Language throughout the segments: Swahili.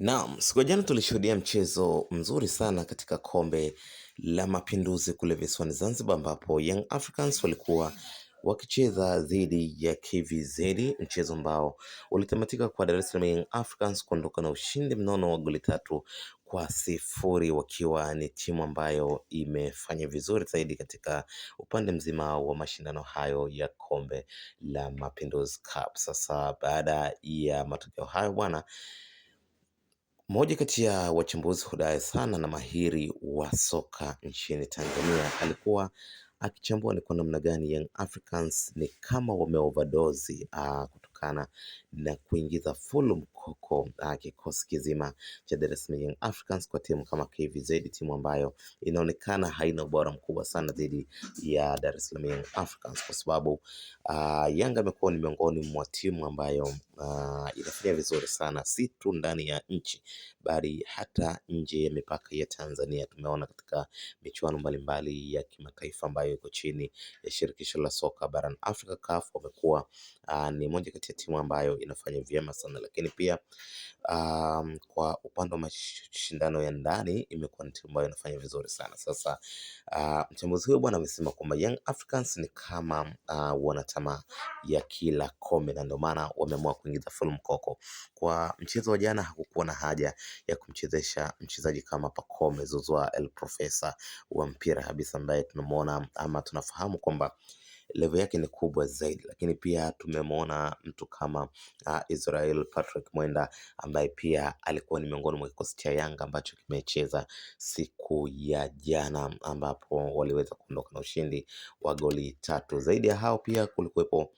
Naam, siku ya jana tulishuhudia mchezo mzuri sana katika kombe la mapinduzi kule visiwani Zanzibar ambapo Young Africans walikuwa wakicheza dhidi ya KVZ, mchezo ambao ulitamatika kwa Dar es Salaam Young Africans kuondoka na ushindi mnono wa goli tatu kwa sifuri wakiwa ni timu ambayo imefanya vizuri zaidi katika upande mzima wa mashindano hayo ya kombe la Mapinduzi Cup. Sasa baada ya matokeo hayo bwana mmoja kati ya wachambuzi hodari sana na mahiri wa soka nchini Tanzania alikuwa akichambua ni kwa namna gani Young Africans ni kama wameoverdose uh, ah, kutokana na kuingiza fulu mkoko uh, kikosi kizima cha Dar es Salaam Young Africans kwa timu kama KVZ, timu ambayo inaonekana haina ubora mkubwa sana dhidi ya Dar es Salaam Young Africans kwa sababu uh, ah, Yanga amekuwa ni miongoni mwa timu ambayo uh, inafanya vizuri sana si tu ndani ya nchi bali hata nje ya mipaka ya Tanzania. Tumeona katika michuano mbalimbali ya kimataifa ambayo iko chini ya shirikisho la soka barani Afrika CAF, wamekuwa uh, ni moja kati ya timu ambayo inafanya vyema sana, lakini pia um, kwa upande wa mashindano ya ndani imekuwa ni timu ambayo inafanya vizuri sana. Sasa uh, mchambuzi huyo bwana amesema kwamba Young Africans ni kama uh, wana tamaa ya kila kombe na ndio maana wameamua kuingiza full Mkoko. Kwa mchezo wa jana hakukuwa na haja ya kumchezesha mchezaji kama Pacome Zouzoua, el profesa wa mpira kabisa ambaye tunamwona ama tunafahamu kwamba level yake ni kubwa zaidi, lakini pia tumemwona mtu kama uh, Israel Patrick Mwenda ambaye pia alikuwa ni miongoni mwa kikosi cha Yanga ambacho kimecheza siku ya jana, ambapo waliweza kuondoka na ushindi wa goli tatu. Zaidi ya hao pia kulikuwepo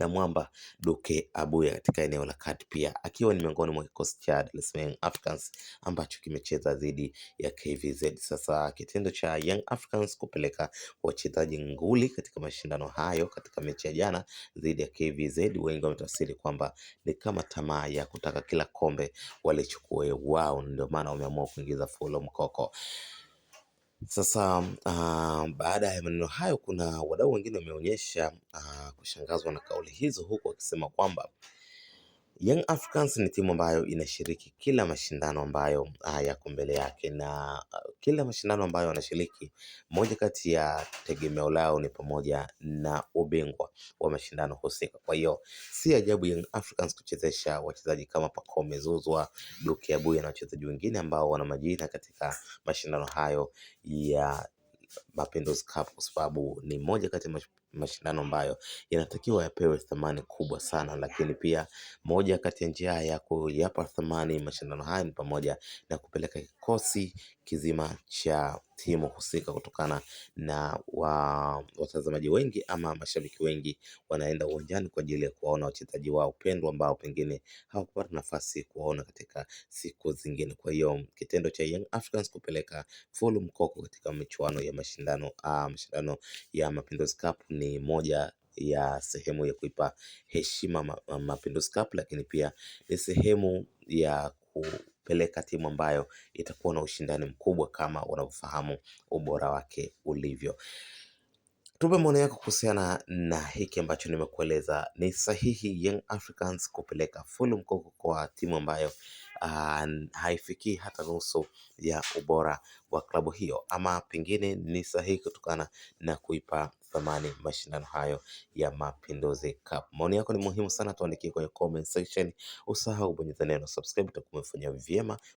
na Mwamba Duke Abuya katika eneo la kati, pia akiwa ni miongoni mwa kikosi cha Dar es Salaam Africans ambacho kimecheza dhidi ya KVZ. Sasa kitendo cha Young Africans kupeleka wachezaji nguli katika mashindano hayo katika mechi ya jana dhidi ya KVZ, wengi wametafsiri kwamba ni kama tamaa ya kutaka kila kombe walichukue wao, ndio maana wameamua kuingiza fulo mkoko. Sasa uh, baada ya maneno hayo, kuna wadau wengine wameonyesha uh, kushangazwa na kauli hizo, huku wakisema kwamba Young Africans ni timu ambayo inashiriki kila mashindano ambayo ah, yako mbele yake, na ah, kila mashindano ambayo wanashiriki, moja kati ya tegemeo lao ni pamoja na ubingwa wa mashindano husika. Kwa hiyo si ajabu Young Africans kuchezesha wachezaji kama Pacome Zouzoua, Duke Abuya na wachezaji wengine ambao wana majina katika mashindano hayo ya Mapinduzi Cup kwa sababu ni moja kati ya mashindano ambayo yanatakiwa yapewe thamani kubwa sana, lakini pia moja kati ya njia ya kuyapa thamani mashindano haya ni pamoja na kupeleka kikosi kizima cha timu husika, kutokana na wa, watazamaji wengi ama mashabiki wengi wanaenda uwanjani kwa ajili ya kuwaona wachezaji wao pendwa ambao pengine hawakupata nafasi kuwaona katika siku zingine. Kwa hiyo kitendo cha Young Africans kupeleka Fulu Mkoko katika michuano ya mashindano, uh, mashindano ya Mapinduzi Cup ni moja ya sehemu ya kuipa heshima Mapinduzi Cup, lakini pia ni sehemu ya kupeleka timu ambayo itakuwa na ushindani mkubwa kama unavyofahamu ubora wake ulivyo. Tupe maoni yako kuhusiana na hiki ambacho nimekueleza. Ni sahihi Young Africans kupeleka Fulu Mkoko kwa timu ambayo uh, haifikii hata nusu ya ubora wa klabu hiyo, ama pengine ni sahihi kutokana na kuipa thamani mashindano hayo ya Mapinduzi Cup. Maoni yako ni muhimu sana, tuandikie kwenye comment section. Usahau kubonyeza neno subscribe, utakuwa umefanya vyema.